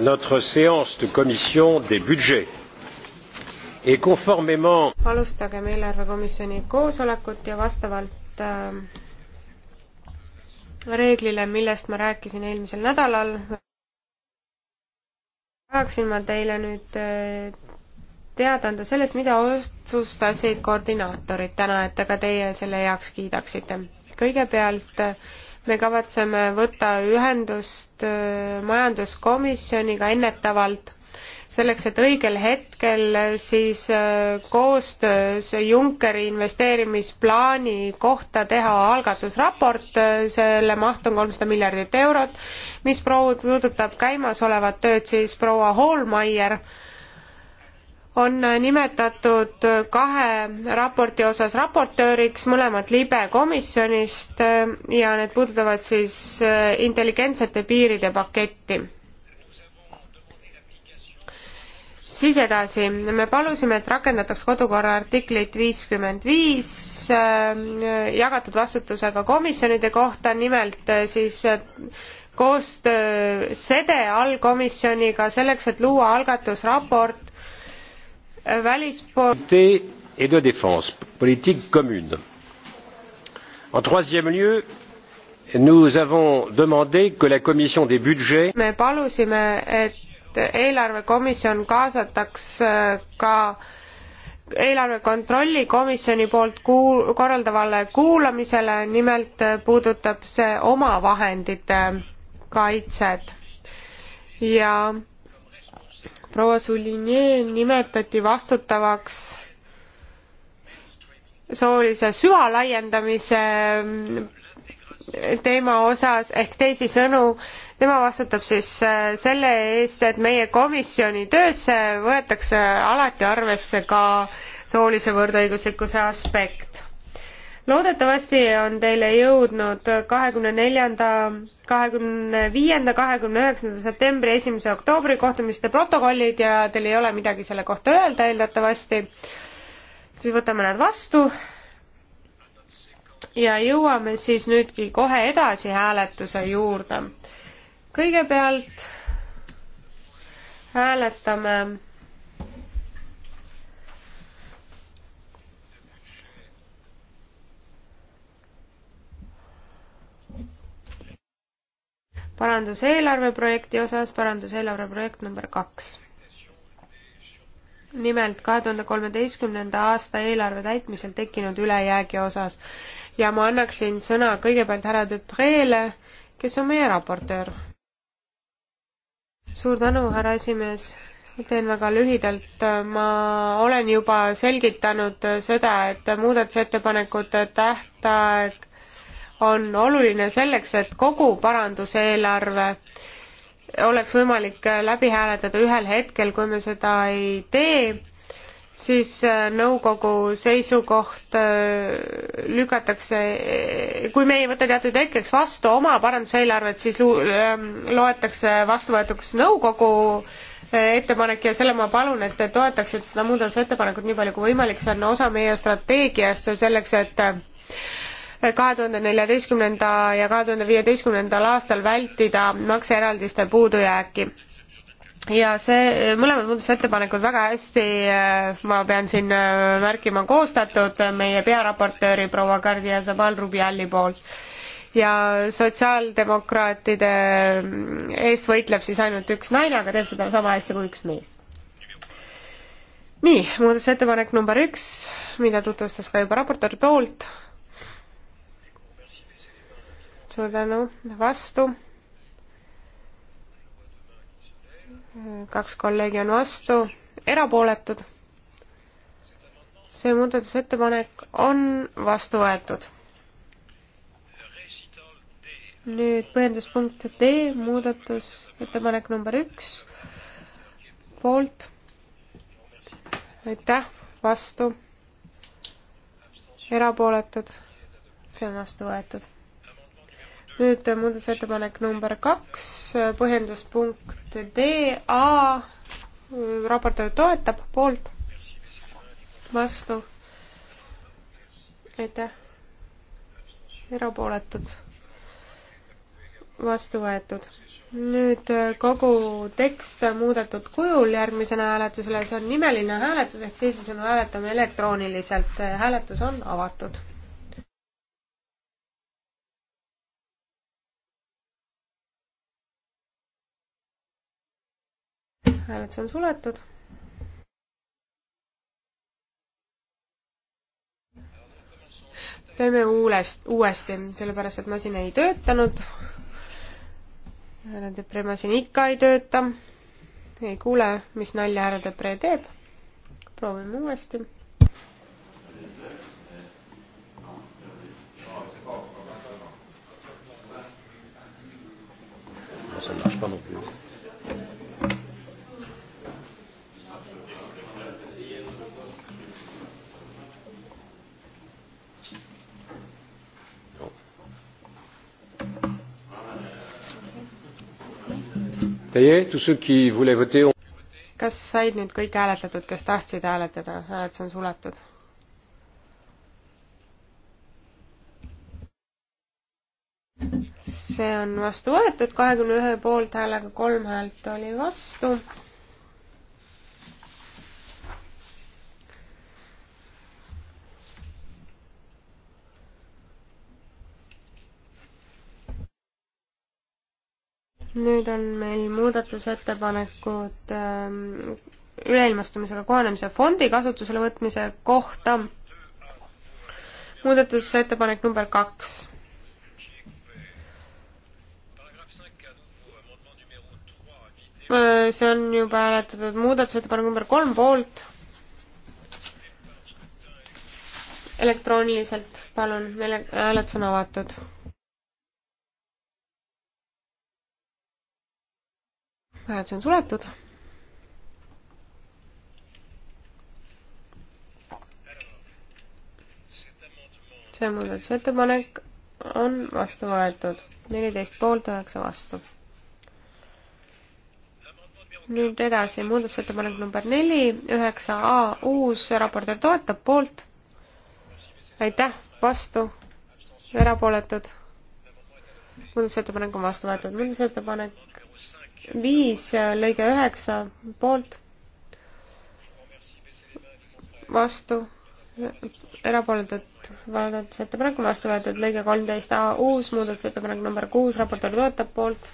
notre séance de commission des budgets et conformément alustagem eelarvekomisjoni koosolekut ja vastavalt äh, reeglile, millest ma rääkisin eelmisel nädalal, tahaksin ma teile nüüd äh, teada anda sellest, mida otsustasid koordinaatorid täna, et aga teie selle heaks kiidaksite. kõigepealt äh, me kavatseme võtta ühendust äh, majanduskomisjoniga ennetavalt selleks, et õigel hetkel äh, siis äh, koostöös Junckeri investeerimisplaani kohta teha algatusraport, selle maht on kolmsada miljardit eurot, mis proov-, puudutab käimasolevat tööd, siis proua Hallmeier on nimetatud kahe raporti osas raportööriks, mõlemad libe komisjonist eh, ja need puudutavad siis eh, intelligentsete piiride paketti. siis edasi, me palusime, et rakendataks kodukorra artiklit viiskümmend viis eh, jagatud vastutusega komisjonide kohta, nimelt siis koostöö sede allkomisjoniga selleks, et luua algatusraport välispool- et de défense politique commune. en troisième lieu nous avons demandé que la commission des budgets me palusime et eelarvekomisjon kaasataks äh, ka eelarve kontrolli komisjoni poolt kuul- korraldavale kuulamisele nimelt äh, puudutab see omavahendite kaitset ja proua Sulinje nimetati vastutavaks soolise süvalaiendamise mm, teema osas ehk teisisõnu, tema vastutab siis äh, selle eest, et meie komisjoni töösse võetakse alati arvesse ka soolise võrdõiguslikkuse aspekt loodetavasti on teile jõudnud kahekümne neljanda, kahekümne viienda, kahekümne üheksanda septembri, esimese oktoobri kohtumiste protokollid ja teil ei ole midagi selle kohta öelda eeldatavasti, siis võtame nad vastu ja jõuame siis nüüdki kohe edasi hääletuse juurde. kõigepealt hääletame paranduseelarve projekti osas, paranduseelarve projekt number kaks. nimelt kahe tuhande kolmeteistkümnenda aasta eelarve täitmisel tekkinud ülejäägi osas ja ma annaksin sõna kõigepealt härra Dupreele, kes on meie raportöör. suur tänu, härra esimees teen väga lühidalt, ma olen juba selgitanud seda, et muudatusettepanekute tähtaeg on oluline selleks, et kogu paranduseelarve oleks võimalik läbi hääletada ühel hetkel, kui me seda ei tee, siis äh, nõukogu seisukoht äh, lükatakse, äh, kui me ei võta teatud hetkeks vastu oma paranduseelarvet, siis ähm, loetakse vastuvõetuks nõukogu ettepanek ja selle ma palun, et te toetaksite seda muudatusettepanekut nii palju kui võimalik, see on osa meie strateegiast selleks, et kahe tuhande neljateistkümnenda ja kahe tuhande viieteistkümnendal aastal vältida makseeraldiste puudujääki ja see, mõlemad muudatusettepanekud väga hästi, äh, ma pean siin äh, märkima, koostatud meie pearaportööri proua Gardia Zabal-Rubiali poolt. ja sotsiaaldemokraatide äh, eest võitleb siis ainult üks naine, aga teeb seda sama hästi kui üks mees. nii, muudatusettepanek number üks, mida tutvustas ka juba raportööri poolt, suur tänu, vastu. kaks kolleegi on vastu, erapooletud. see muudatusettepanek on vastu võetud. nüüd põhjenduspunkt D, muudatusettepanek number üks, poolt. aitäh, vastu, erapooletud, see on vastu võetud nüüd muudatusettepanek number kaks, põhjenduspunkt D, A, raportöör toetab, poolt, vastu, aitäh, erapooletud, vastu võetud. nüüd kogu tekst muudetud kujul järgmisena hääletusele, see on nimeline hääletus ehk teisisõnu hääletame elektrooniliselt, hääletus on avatud hääletus on suletud. teeme uulest, uuesti, sellepärast et masin ei töötanud. härra Depre masin ikka ei tööta. ei kuule, mis nalja härra Depre teeb. proovime uuesti ça ne marche pas non plus. kas said nüüd kõik hääletatud, kes tahtsid hääletada, hääletus on suletud? see on vastu võetud kahekümne ühe poolthäälega, kolm häält oli vastu nüüd on meil muudatusettepanekud ähm, üleilmastumisega kohanemise fondi kasutusele võtmise kohta. muudatusettepanek number kaks. Äh, see on juba hääletatud muudatusettepanek number kolm poolt. elektrooniliselt, palun, hääletus on avatud hääletus on suletud. see muudatusettepanek on vastu võetud, neliteist poolt, üheksa vastu. nüüd edasi, muudatusettepanek number neli, üheksa A, uus raportöör toetab, poolt. aitäh, vastu, erapooletud. muudatusettepanek on vastu võetud, muudatusettepanek viis lõige üheksa poolt, vastu, erapooletud muudatusettepanek on vastu võetud, lõige kolmteist A uus muudatusettepanek number kuus, raportöör toetab poolt,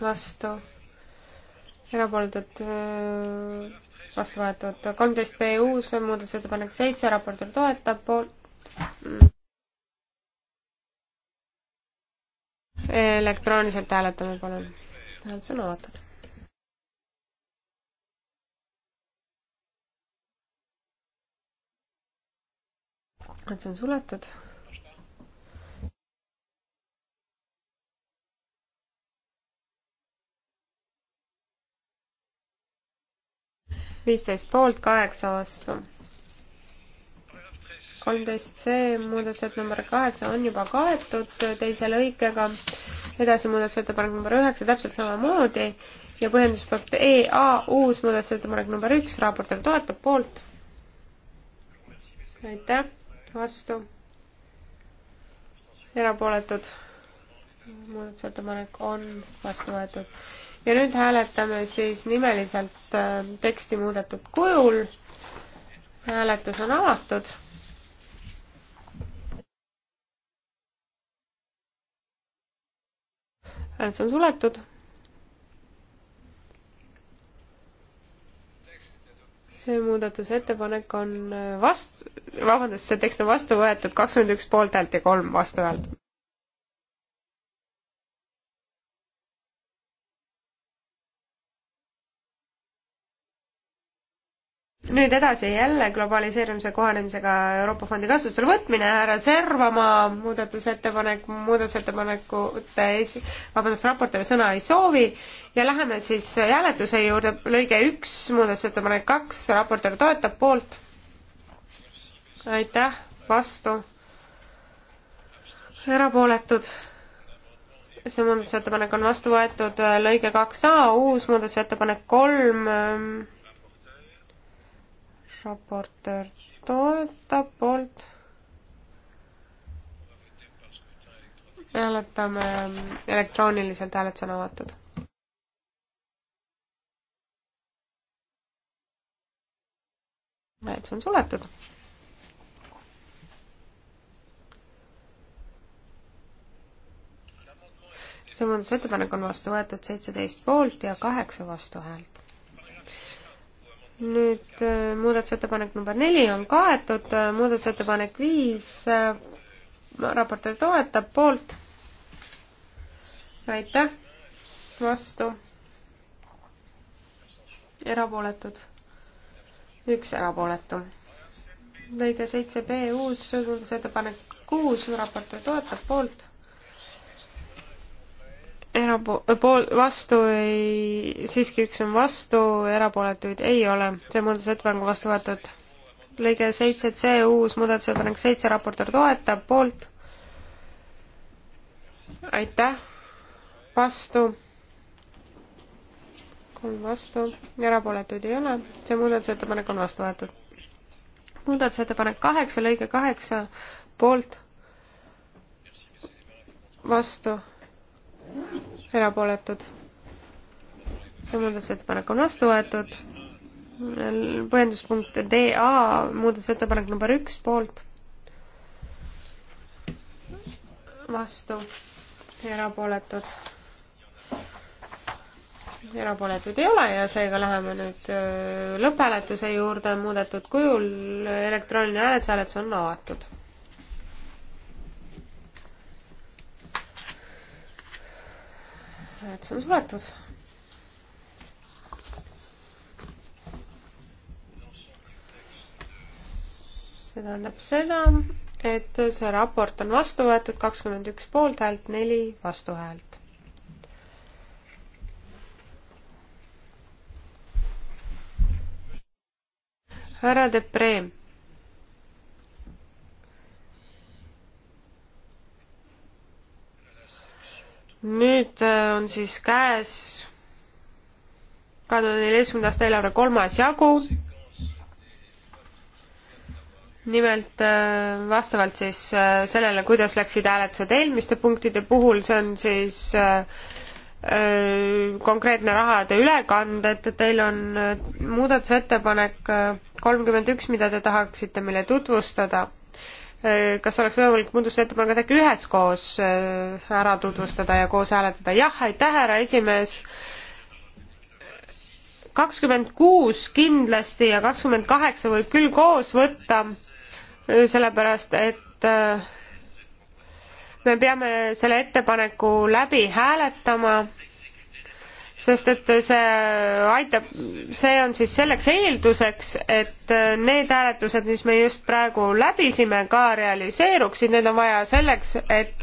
vastu, erapooletud vastu võetud, kolmteist B uus muudatusettepanek seitse, raportöör toetab poolt elektrooniliselt hääletame, palun. hääletus on avatud. hääletus on suletud. viisteist poolt, kaheksa vastu kolmteist C muudatusettepanek number kaheksa on juba kaetud teise lõikega edasi muudatusettepanek number üheksa täpselt samamoodi ja põhjenduspunkt EA uus muudatusettepanek number üks, raportöör toetab poolt. aitäh, vastu. erapooletud. muudatusettepanek on vastu võetud. ja nüüd hääletame siis nimeliselt äh, teksti muudetud kujul. hääletus on avatud hääletus on suletud. see muudatusettepanek on vast-, vabandust, see tekst on vastu võetud kakskümmend üks poolthäält ja kolm vastuhäält. nüüd edasi jälle globaliseerimise kohanemisega Euroopa Fondi kasutusele võtmine, härra Servamaa muudatusettepanek, muudatusettepanekute esi-, vabandust, raportile sõna ei soovi ja läheme siis hääletuse juurde, lõige üks, muudatusettepanek kaks, raportöör toetab poolt. aitäh, vastu. erapooletud. see muudatusettepanek on vastu võetud, lõige kaks A, uus muudatusettepanek kolm raportöör toetab poolt. hääletame elektrooniliselt, hääletus on avatud. hääletus on suletud. see muudatusettepanek on vastu võetud seitseteist poolt ja kaheksa vastuhäält nüüd äh, muudatusettepanek number neli on kaetud, äh, muudatusettepanek viis, äh, raportöör toetab, poolt. aitäh, vastu. erapooletud, üks erapooletu. lõige seitse B uus muudatusettepanek kuus, raportöör toetab, poolt erapo-, äh, pool, vastu ei, siiski üks on vastu, erapooletuid ei ole. see muudatusettepanek on vastu võetud. lõige seitse C uus muudatusettepanek seitse, raportöör toetab, poolt. aitäh, vastu. kolm vastu, erapooletuid ei ole, see muudatusettepanek on vastu võetud. muudatusettepanek kaheksa, lõige kaheksa, poolt, vastu erapooletud. see muudatusettepanek on vastu võetud. põhjenduspunkt DA, muudatusettepanek number üks, poolt. vastu, erapooletud. erapooletuid ei ole ja seega läheme nüüd lõpphääletuse juurde muudetud kujul. elektrooniline hääletus, hääletus on avatud hääletus on suletud. see tähendab seda, et see raport on vastu võetud kakskümmend üks poolthäält, neli vastuhäält. härra Depree nüüd äh, on siis käes kahe tuhande neljateistkümnenda aasta eelarve kolmas jagu. nimelt äh, vastavalt siis äh, sellele, kuidas läksid hääletused eelmiste punktide puhul, see on siis konkreetne rahade ülekanded, teil on muudatusettepanek kolmkümmend üks, mida te tahaksite meile tutvustada Äh, kas oleks võimalik muudatusettepanekud äkki üheskoos äh, ära tutvustada ja koos hääletada? jah, aitäh, härra esimees. kakskümmend kuus kindlasti ja kakskümmend kaheksa võib küll koos võtta, äh, sellepärast et me peame selle ettepaneku läbi hääletama sest et see aitab, see on siis selleks eelduseks, et need hääletused, mis me just praegu läbisime, ka realiseeruksid, need on vaja selleks, et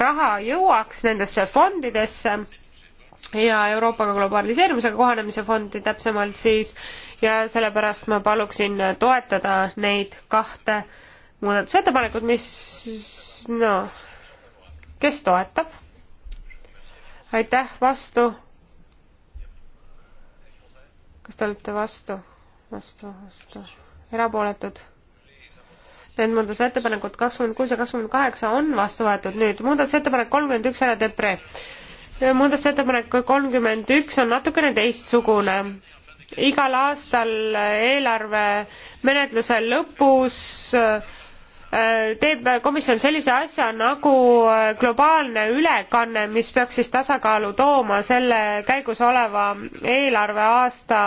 raha jõuaks nendesse fondidesse ja Euroopaga globaliseerumisega kohanemise fondi täpsemalt siis ja sellepärast ma paluksin toetada neid kahte muudatusettepanekut, mis noh, kes toetab? aitäh, vastu kas te olete vastu? vastu, vastu. erapooletud? Need muudatusettepanekud kakskümmend kuus ja kakskümmend kaheksa on vastu võetud nüüd. muudatusettepanek kolmkümmend üks ära teeb pre. muudatusettepanek kolmkümmend üks on natukene teistsugune. igal aastal eelarve menetluse lõpus äh, teeb komisjon sellise asja nagu äh, globaalne ülekanne, mis peaks siis tasakaalu tooma selle käigus oleva eelarveaasta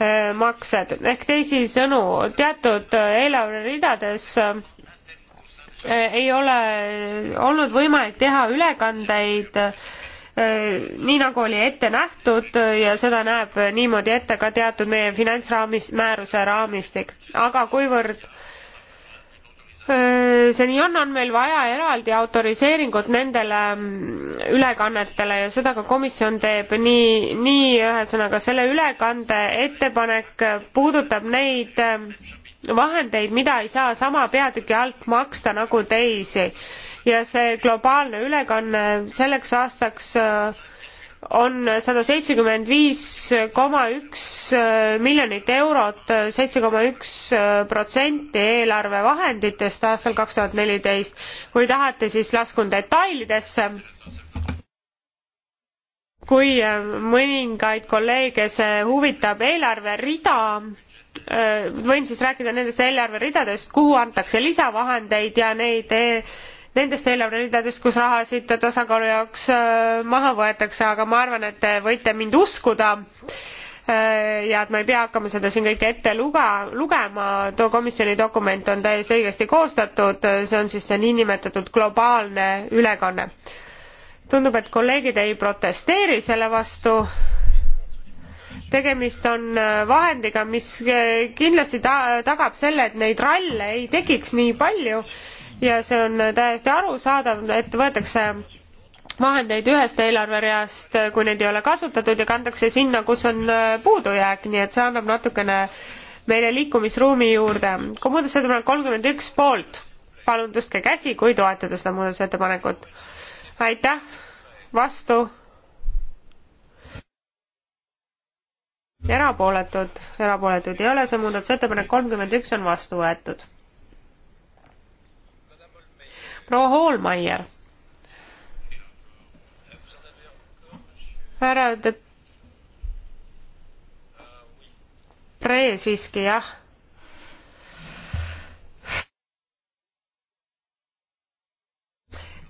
äh, maksed ehk teisisõnu teatud äh, eelarveridades ei ole olnud võimalik teha ülekandeid nii nagu oli ette nähtud ja seda näeb niimoodi ette ka teatud meie finantsraamis, määruse raamistik. aga kuivõrd Äh, seni on, on meil vaja eraldi autoriseeringut nendele mm, ülekannetele ja seda ka komisjon teeb, nii, nii ühesõnaga selle ülekande ettepanek puudutab neid äh, vahendeid, mida ei saa sama peatüki alt maksta nagu teisi ja see globaalne ülekanne selleks aastaks äh, on sada seitsekümmend viis koma üks äh, miljonit eurot, seitse koma üks äh, protsenti eelarvevahenditest aastal kaks tuhat neliteist. kui tahate, siis laskun detailidesse. kui äh, mõningaid kolleege see huvitab, eelarverida, võin siis rääkida nendest eelarveridadest, kuhu antakse lisavahendeid ja neid e nendest eelarveridadest, kus rahasid tasakaalu jaoks äh, maha võetakse, aga ma arvan, et te võite mind uskuda äh, ja et ma ei pea hakkama seda siin kõike ette luga, lugema, too komisjoni dokument on täiesti õigesti koostatud, see on siis see niinimetatud globaalne ülekanne. tundub, et kolleegid ei protesteeri selle vastu, tegemist on äh, vahendiga, mis kindlasti ta-, tagab selle, et neid ralle ei tekiks nii palju ja see on täiesti arusaadav, et võetakse vahendeid ühest eelarvereast, kui neid ei ole kasutatud ja kantakse sinna, kus on äh, puudujääk, nii et see annab natukene meile liikumisruumi juurde. kui muudatusettepanek kolmkümmend üks poolt, palun tõstke käsi, kui toetate seda muudatusettepanekut. aitäh, vastu. erapooletud, erapooletud ei ole, see muudatusettepanek kolmkümmend üks on vastu võetud proua Hoolmeier. härra De Pre siiski jah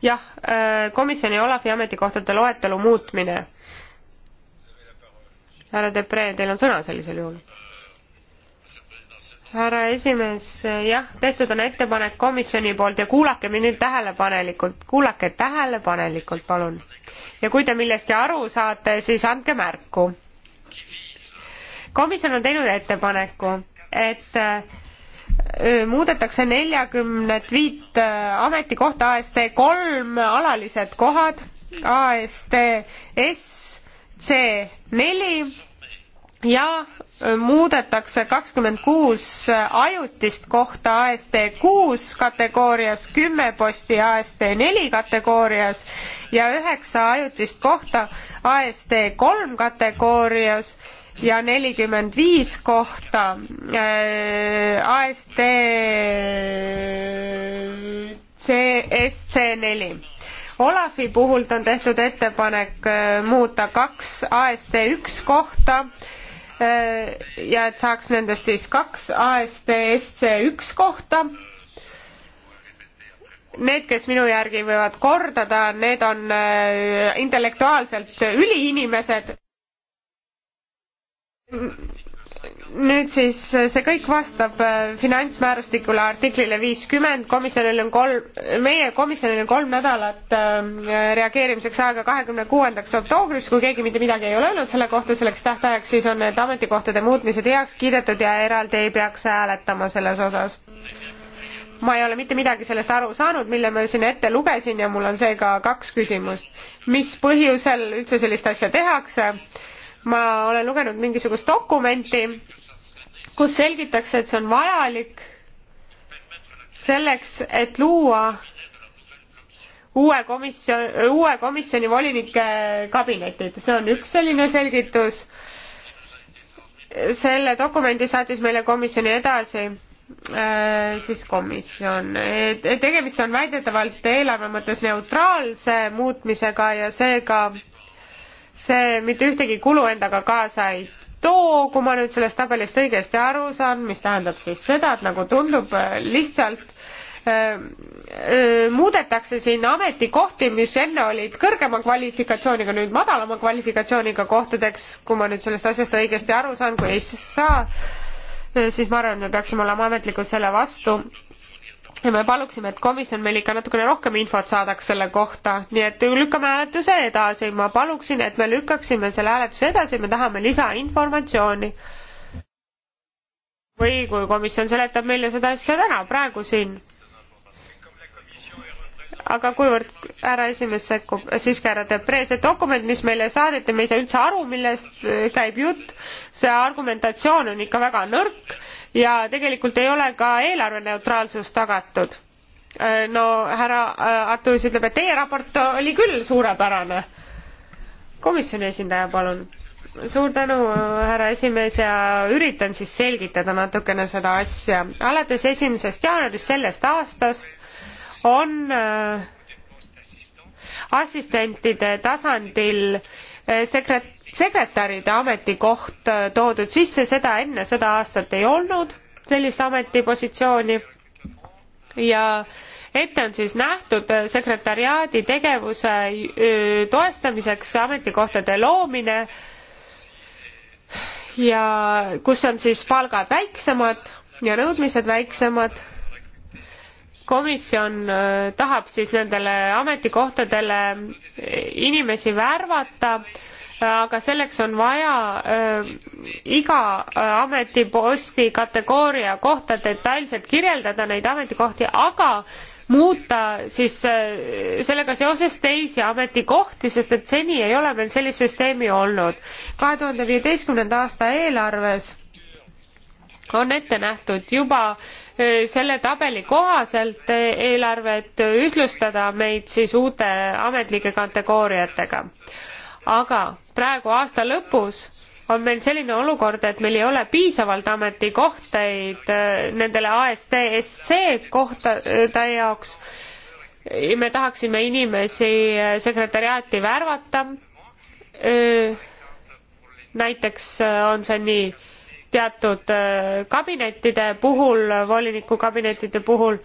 jah, äh, komisjoni Olavi ametikohtade loetelu muutmine. härra Depre, teil on sõna sellisel juhul härra esimees, jah, tehtud on ettepanek komisjoni poolt ja kuulake mind nüüd tähelepanelikult, kuulake tähelepanelikult, palun. ja kui te millestki aru saate, siis andke märku. komisjon on teinud ettepaneku, et äh, muudetakse neljakümnet viit äh, ametikohta AST kolm alalised kohad, AST S, C neli ja äh, muudetakse kakskümmend kuus äh, ajutist kohta AST kuus kategoorias, kümme posti AST neli kategoorias ja üheksa ajutist kohta AST kolm kategoorias ja nelikümmend viis kohta äh, AST CSC neli Olafi puhult on tehtud ettepanek äh, muuta kaks AST üks kohta äh, ja et saaks nendest siis kaks ASTSC üks kohta. Need, kes minu järgi võivad kordada, need on äh, intellektuaalselt üliinimesed nüüd siis äh, see kõik vastab äh, finantsmäärustikule artiklile viiskümmend, komisjonil on kolm, meie komisjonil on kolm nädalat äh, reageerimiseks aega kahekümne kuuendaks oktoobriks, kui keegi mitte midagi ei ole öelnud selle kohta, selleks tähtajaks siis on need ametikohtade muutmised heaks kiidetud ja eraldi ei peaks hääletama selles osas. ma ei ole mitte midagi sellest aru saanud, mille ma siin ette lugesin ja mul on seega kaks küsimust. mis põhjusel üldse sellist asja tehakse? ma olen lugenud mingisugust dokumenti, kus selgitakse, et see on vajalik selleks, et luua uue komisjon, uue komisjoni volinike kabinetid, see on üks selline selgitus. selle dokumendi saatis meile komisjoni edasi äh, siis komisjon. tegemist on väidetavalt eelarve mõttes neutraalse muutmisega ja seega ka see mitte ühtegi kulu endaga kaasa ei too, kui ma nüüd sellest tabelist õigesti aru saan, mis tähendab siis seda, et nagu tundub lihtsalt öö, äh, öö, äh, muudetakse siin ametikohti, mis enne olid kõrgema kvalifikatsiooniga, nüüd madalama kvalifikatsiooniga kohtadeks, kui ma nüüd sellest asjast õigesti aru saan, kui ei saa, äh, siis ma arvan, et me peaksime olema ametlikult selle vastu ja me paluksime, et komisjon meil ikka natukene rohkem infot saadaks selle kohta, nii et lükkame hääletuse edasi, ma paluksin, et me lükkaksime selle hääletuse edasi, me tahame lisainformatsiooni. või kui komisjon seletab meile seda asja täna, praegu siin aga kuivõrd härra esimees sekkub, siiski härra Depree, see dokument, mis meile saadeti, me ei saa üldse aru, millest eh, käib jutt, see argumentatsioon on ikka väga nõrk ja tegelikult ei ole ka eelarveneutraalsus tagatud. Eh, no härra eh, Artuis ütleb, et teie raport oli küll suurepärane. komisjoni esindaja, palun. suur tänu, härra esimees ja üritan siis selgitada natukene seda asja. alates esimesest jaanuarist sellest aastast on äh, assistentide tasandil äh, sekret-, sekretäride ametikoht äh, toodud sisse, seda enne seda aastat ei olnud, sellist ametipositsiooni. ja ette on siis nähtud sekretariaadi tegevuse toestamiseks ametikohtade loomine ja kus on siis palgad väiksemad ja nõudmised väiksemad komisjon äh, tahab siis nendele ametikohtadele inimesi värvata, äh, aga selleks on vaja äh, iga ametiposti kategooria kohta detailselt kirjeldada neid ametikohti, aga muuta siis sellega seoses teisi ametikohti, sest et seni ei ole meil sellist süsteemi olnud. kahe tuhande viieteistkümnenda aasta eelarves on ette nähtud juba selle tabeli kohaselt eelarvet ühtlustada meid siis uute ametlike kategooriatega. aga praegu aasta lõpus on meil selline olukord, et meil ei ole piisavalt ametikohteid äh, nendele ASTSC kohtade äh, jaoks. me tahaksime inimesi äh, sekretäriaati värvata. näiteks on see nii teatud äh, kabinettide puhul, voliniku kabinettide puhul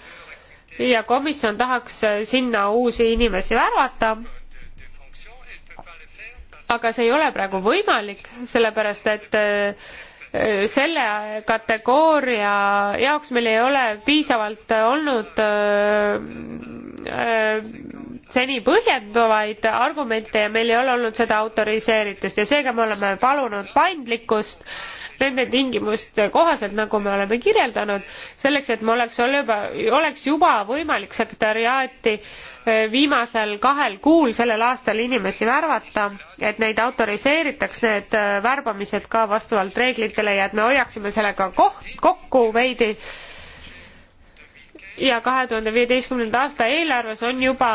ja komisjon tahaks äh, sinna uusi inimesi värvata. aga see ei ole praegu võimalik, sellepärast et äh, selle kategooria jaoks meil ei ole piisavalt olnud seni põhjendavaid argumente ja meil ei ole olnud seda autoriseeritust ja seega me oleme palunud paindlikkust äh, nende tingimuste kohaselt, nagu me oleme kirjeldanud, selleks et me oleks juba, oleks juba võimalik sekretariaati eh, viimasel kahel kuul sellel aastal inimesi värvata, et neid autoriseeritaks, need eh, värbamised ka vastavalt reeglitele ja et me hoiaksime sellega koht, kokku veidi ja kahe tuhande viieteistkümnenda aasta eelarves on juba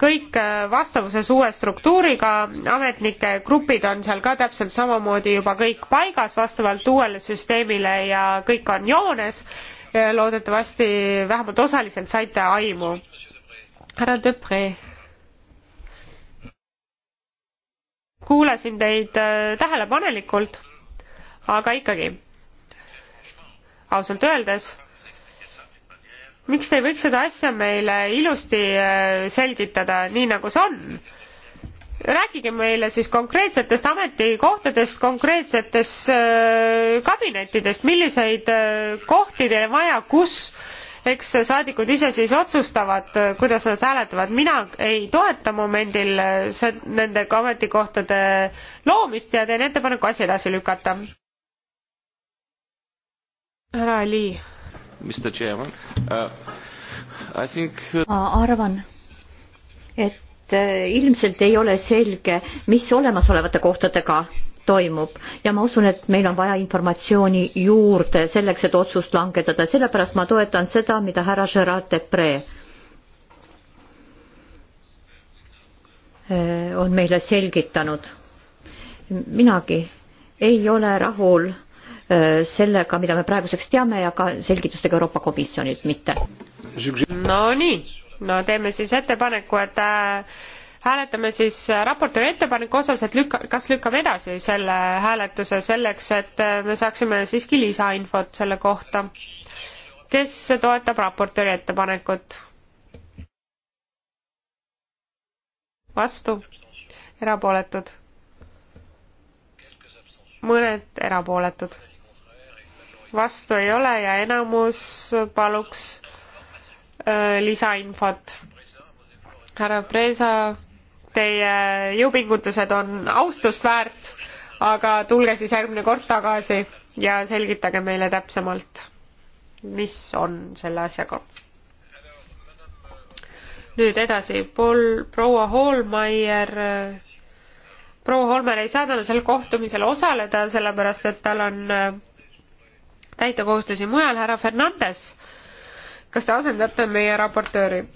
kõik äh, vastavuses uue struktuuriga, ametnike grupid on seal ka täpselt samamoodi juba kõik paigas vastavalt uuele süsteemile ja kõik on joones. loodetavasti vähemalt osaliselt saite aimu. härra Depre. kuulasin teid äh, tähelepanelikult, aga ikkagi, ausalt öeldes miks te ei võiks seda asja meile ilusti äh, selgitada, nii nagu see on? rääkige meile siis konkreetsetest ametikohtadest, konkreetsetest äh, kabinettidest, milliseid äh, kohti teil vaja, kus, eks saadikud ise siis otsustavad, kuidas nad hääletavad, mina ei toeta momendil see, nende ametikohtade loomist ja teen ettepaneku asi edasi lükata. härra Ali Uh, uh, ma arvan, et äh, ilmselt ei ole selge, mis olemasolevate kohtadega toimub ja ma usun, et meil on vaja informatsiooni juurde selleks, et otsust langetada, sellepärast ma toetan seda, mida härra Gerard Depre äh, on meile selgitanud. minagi ei ole rahul Äh, sellega, mida me praeguseks teame ja ka selgitustega Euroopa Komisjonilt mitte. Nonii, no teeme siis ettepaneku, et äh, hääletame siis raportööri ettepaneku osas, et lükka, kas lükkame edasi selle hääletuse selleks, et äh, me saaksime siiski lisainfot selle kohta. kes toetab raportööri ettepanekut? vastu, erapooletud mõned erapooletud vastu ei ole ja enamus paluks öö, äh, lisainfot. härra Preza, teie jõupingutused on austust väärt, aga tulge siis järgmine kord tagasi ja selgitage meile täpsemalt, mis on selle asjaga. nüüd edasi, Paul, proua Hallmeier proua Holmer ei saa täna sel kohtumisel osaleda, sellepärast et tal on äh, täita kohustusi mujal. härra Fernandes, kas te asendate meie raportööri?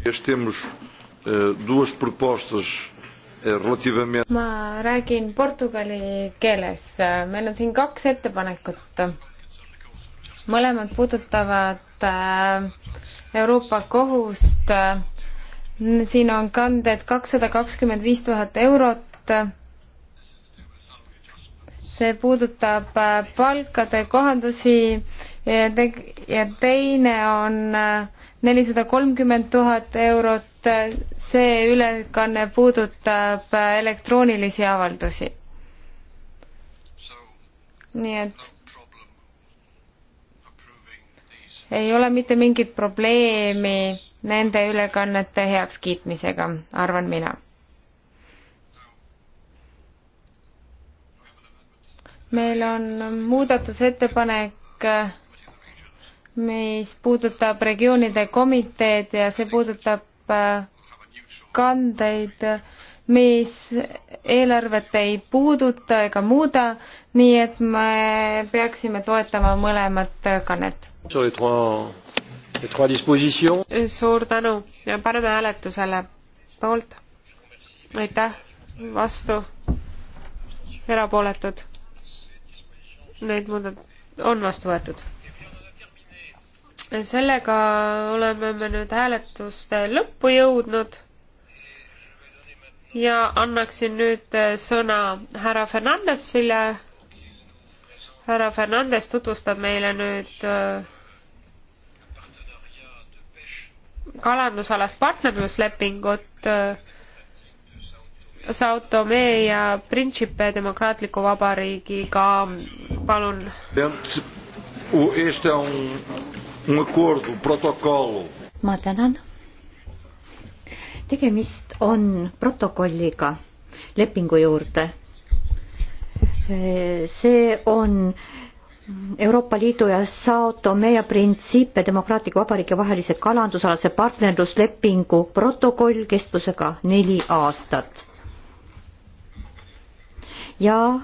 Eh, eh, ma räägin portugali keeles. meil on siin kaks ettepanekut. mõlemad puudutavad eh, Euroopa kohust. siin on kanded kakssada kakskümmend viis tuhat eurot see puudutab äh, palkade kohandusi ja teine on äh, nelisada kolmkümmend tuhat eurot, äh, see ülekanne puudutab elektroonilisi avaldusi. nii et ei ole mitte mingit probleemi nende ülekannete heakskiitmisega, arvan mina meil on muudatusettepanek, mis puudutab regioonide komiteed ja see puudutab äh, kandeid, mis eelarvet ei puuduta ega muuda, nii et me peaksime toetama mõlemat kannet. suur tänu ja paneme hääletusele poolt. aitäh, vastu, erapooletud Neid muudat-, on vastu võetud. sellega oleme me nüüd hääletuste lõppu jõudnud ja annaksin nüüd sõna härra Fernandesile. härra Fernandes tutvustab meile nüüd äh, kalandusalast partnerluslepingut äh, Sao Tome ja Principe Demokraatliku Vabariigiga, palun. Um, um um ma tänan. tegemist on protokolliga lepingu juurde. see on Euroopa Liidu ja Sao Tome ja Principe Demokraatliku Vabariigi vahelise kalandusalase partnerluslepingu protokoll kestvusega neli aastat ja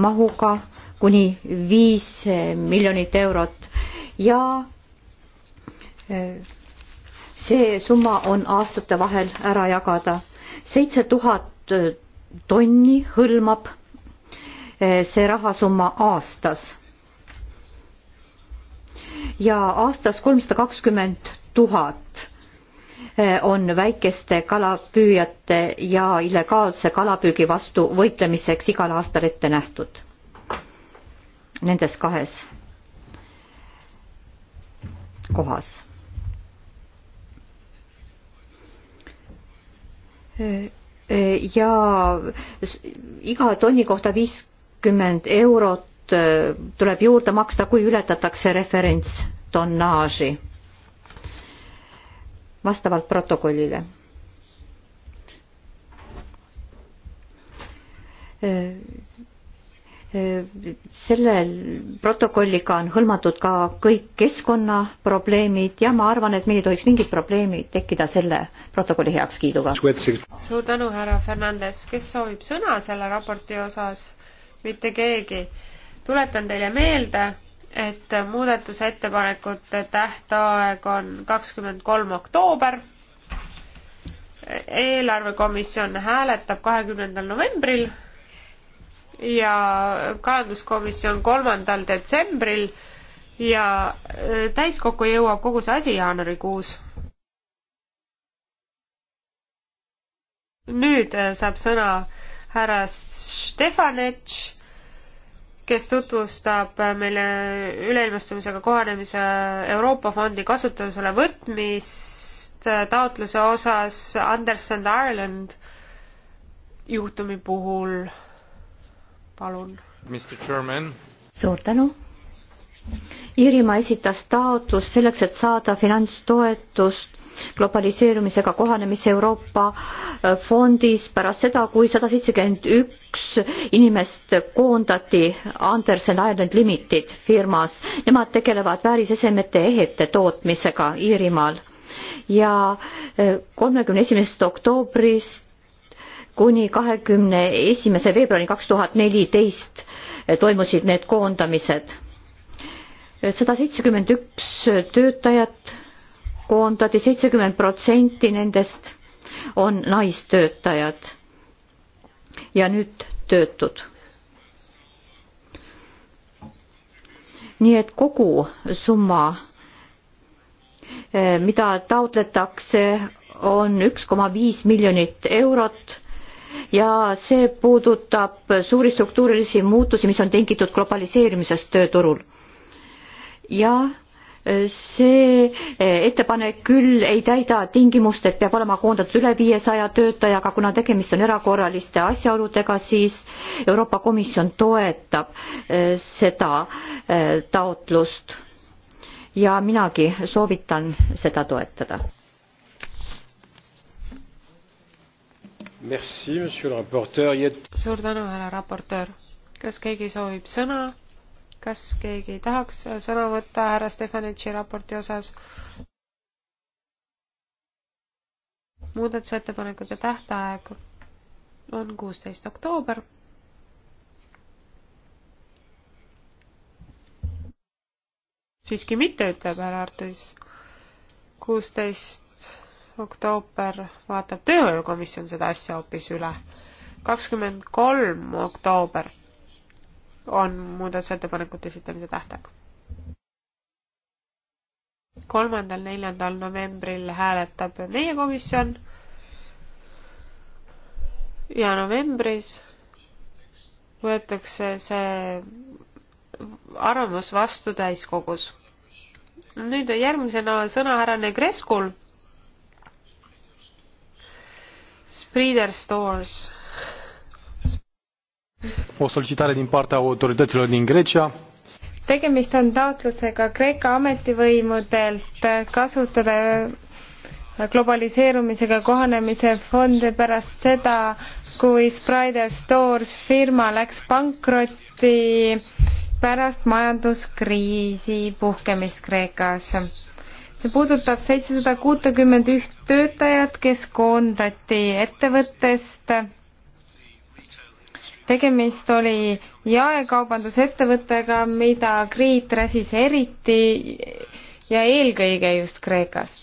mahuga kuni viis miljonit eurot ja eh, see summa on aastate vahel ära jagada. seitse tuhat tonni hõlmab eh, see rahasumma aastas. ja aastas kolmsada kakskümmend tuhat on väikeste kalapüüjate ja illegaalse kalapüügi vastu võitlemiseks igal aastal ette nähtud. Nendes kahes kohas. ja iga tonni kohta viiskümmend eurot tuleb juurde maksta, kui ületatakse referents tonnaaži vastavalt protokollile. selle protokolliga on hõlmatud ka kõik keskkonnaprobleemid ja ma arvan, et meil ei tohiks mingit probleemi tekkida selle protokolli heakskiiduga. suur tänu, härra Fernandes, kes soovib sõna selle raporti osas? mitte keegi. tuletan teile meelde, et muudatusettepanekute tähtaeg on kakskümmend kolm oktoober. eelarvekomisjon hääletab kahekümnendal novembril ja kalanduskomisjon kolmandal detsembril ja äh, täiskokku jõuab kogu see asi jaanuarikuus. nüüd äh, saab sõna härra Stefanetš kes tutvustab meile üleilmastumisega kohanemise Euroopa fondi kasutusele võtmist taotluse osas Anderson Ireland juhtumi puhul. palun. suur tänu. Iirimaa esitas taotlust selleks, et saada finantstoetust globaliseerumisega kohanemise Euroopa äh, fondis pärast seda, kui sada seitsekümmend üks inimest koondati Andersen Island Limited firmas. Nemad tegelevad väärisesemete ehete tootmisega Iirimaal ja äh, kolmekümne esimesest oktoobrist kuni kahekümne esimese veebruarini kaks tuhat neliteist äh, toimusid need koondamised. sada seitsekümmend üks töötajat koondati, seitsekümmend protsenti nendest on naistöötajad ja nüüd töötud. nii et kogu summa, eh, mida taotletakse, on üks koma viis miljonit eurot ja see puudutab suuri struktuurilisi muutusi, mis on tingitud globaliseerimisest tööturul. ja see eh, ettepanek küll ei täida tingimust, et peab olema koondatud üle viiesaja töötajaga, kuna tegemist on erakorraliste asjaoludega, siis Euroopa Komisjon toetab eh, seda eh, taotlust. ja minagi soovitan seda toetada. suur tänu, härra raportöör. kas keegi soovib sõna? kas keegi tahaks sõna võtta härra Stefanitši raporti osas? muudatusettepanekute tähtaeg on kuusteist oktoober. siiski mitte, ütleb härra Artuis. kuusteist oktoober vaatab Tööhõivekomisjon seda asja hoopis üle. kakskümmend kolm oktoober on muudatusettepanekute esitamise tähtaeg. kolmandal, neljandal novembril hääletab meie komisjon ja novembris võetakse see arvamus vastu täiskogus. nüüd järgmisena sõna härra Negreskul. Spreader Stores o solicitare din partea autorităților din Grecia. tegemist on taotlusega Kreeka ametivõimudelt kasutada globaliseerumisega kohanemise fonde pärast seda, kui Sprider Stores firma läks pankrotti pärast majanduskriisi puhkemist Kreekas. see puudutab seitsesada kuutekümmend üht töötajat, kes koondati ettevõttest tegemist oli jaekaubandusettevõttega, mida Kriit räsis eriti ja eelkõige just Kreekas.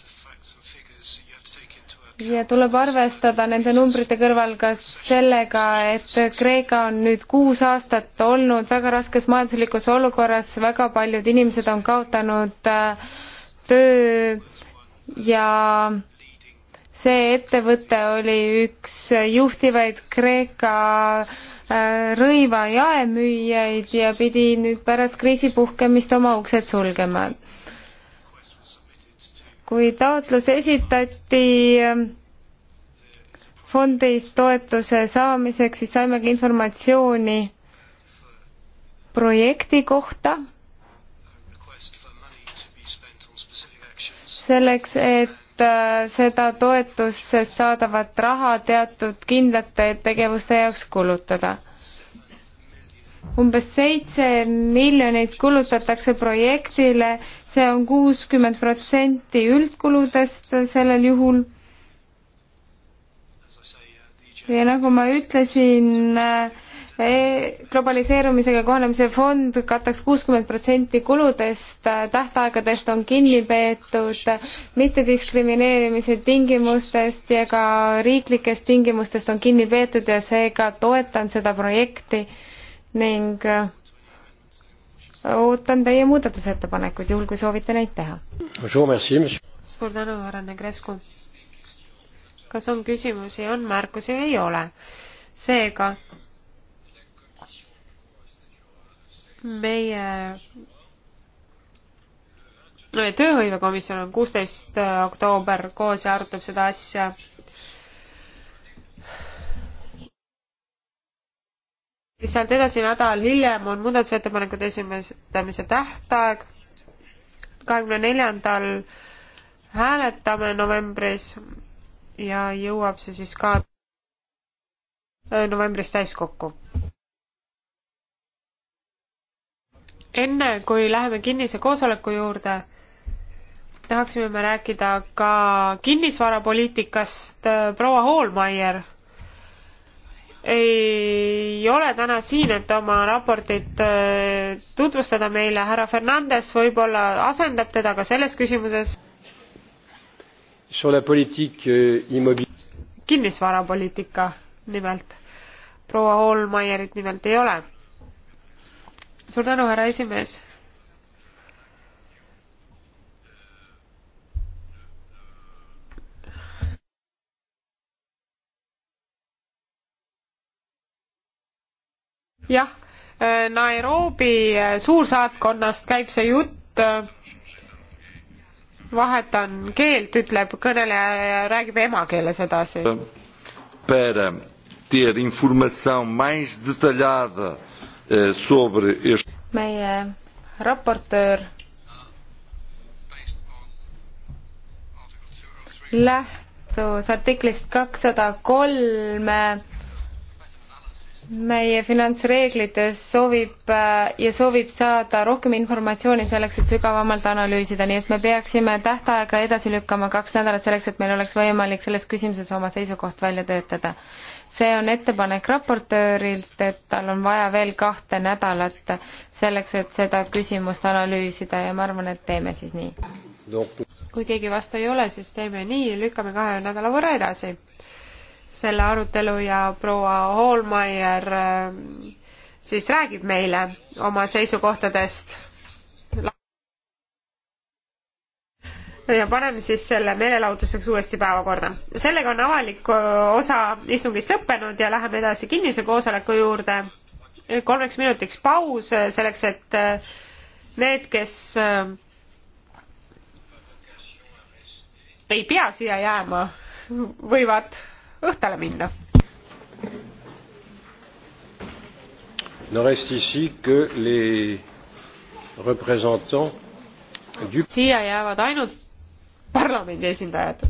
ja tuleb arvestada nende numbrite kõrval ka sellega, et Kreeka on nüüd kuus aastat olnud väga raskes majanduslikus olukorras, väga paljud inimesed on kaotanud äh, töö ja see ettevõte oli üks juhtivaid Kreeka Äh, rõiva jaemüüjaid ja pidi nüüd pärast kriisi puhkemist oma uksed sulgema. kui taotlus esitati äh, fondist toetuse saamiseks, siis saimegi informatsiooni projekti kohta selleks, et Äh, seda toetusest saadavat raha teatud kindlate tegevuste jaoks kulutada. umbes seitse miljonit kulutatakse projektile, see on kuuskümmend protsenti üldkuludest sellel juhul. ja nagu ma ütlesin äh,, E, globaliseerumisega kohanemise fond kataks kuuskümmend protsenti kuludest, tähtaegadest on kinni peetud, mittediskrimineerimise tingimustest ja ka riiklikest tingimustest on kinni peetud ja seega toetan seda projekti ning ootan teie muudatusettepanekuid, juhul kui soovite neid teha. suur tänu, härra Negrescu. kas on küsimusi, on märkusi või ei ole? seega meie tööhõivekomisjon on kuusteist oktoober koos ja arutab seda asja. sealt edasi nädal hiljem on muudatusettepanekute esimestamise tähtaeg. kahekümne neljandal hääletame novembris ja jõuab see siis ka novembris täiskokku enne kui läheme kinnise koosoleku juurde, tahaksime me rääkida ka kinnisvarapoliitikast. proua Hoolmeier ei ole täna siin, et oma raportit äh, tutvustada meile. härra Fernandes võib-olla asendab teda ka selles küsimuses. Euh, kinnisvarapoliitika nimelt. proua Hoolmeierit nimelt ei ole suur tänu, härra esimees. jah, äh, Nairobi äh, suursaatkonnast käib see jutt vahetan keelt, ütleb kõneleja ja räägib emakeeles edasi. Para ter informação mais detalhada E, sobre este. meie raportöör lähtus artiklist kakssada kolm meie finantsreeglites soovib äh, ja soovib saada rohkem informatsiooni selleks, et sügavamalt analüüsida, nii et me peaksime tähtaega edasi lükkama kaks nädalat selleks, et meil oleks võimalik selles küsimuses oma seisukoht välja töötada see on ettepanek raportöörilt, et tal on vaja veel kahte nädalat selleks, et seda küsimust analüüsida ja ma arvan, et teeme siis nii. kui keegi vastu ei ole, siis teeme nii, lükkame kahe nädala võrra edasi selle arutelu ja proua Hoolmeier äh, siis räägib meile oma seisukohtadest ja paneme siis selle meelelahutuseks uuesti päevakorda. sellega on avalik osa istungist lõppenud ja läheme edasi kinnise koosoleku juurde. kolmeks minutiks paus selleks, et need, kes ei pea siia jääma, võivad õhtale minna. Ne reste ici que les représentants du... siia jäävad ainult parlamendi esindajad.